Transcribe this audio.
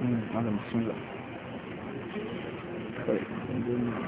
Mm, malam bismillah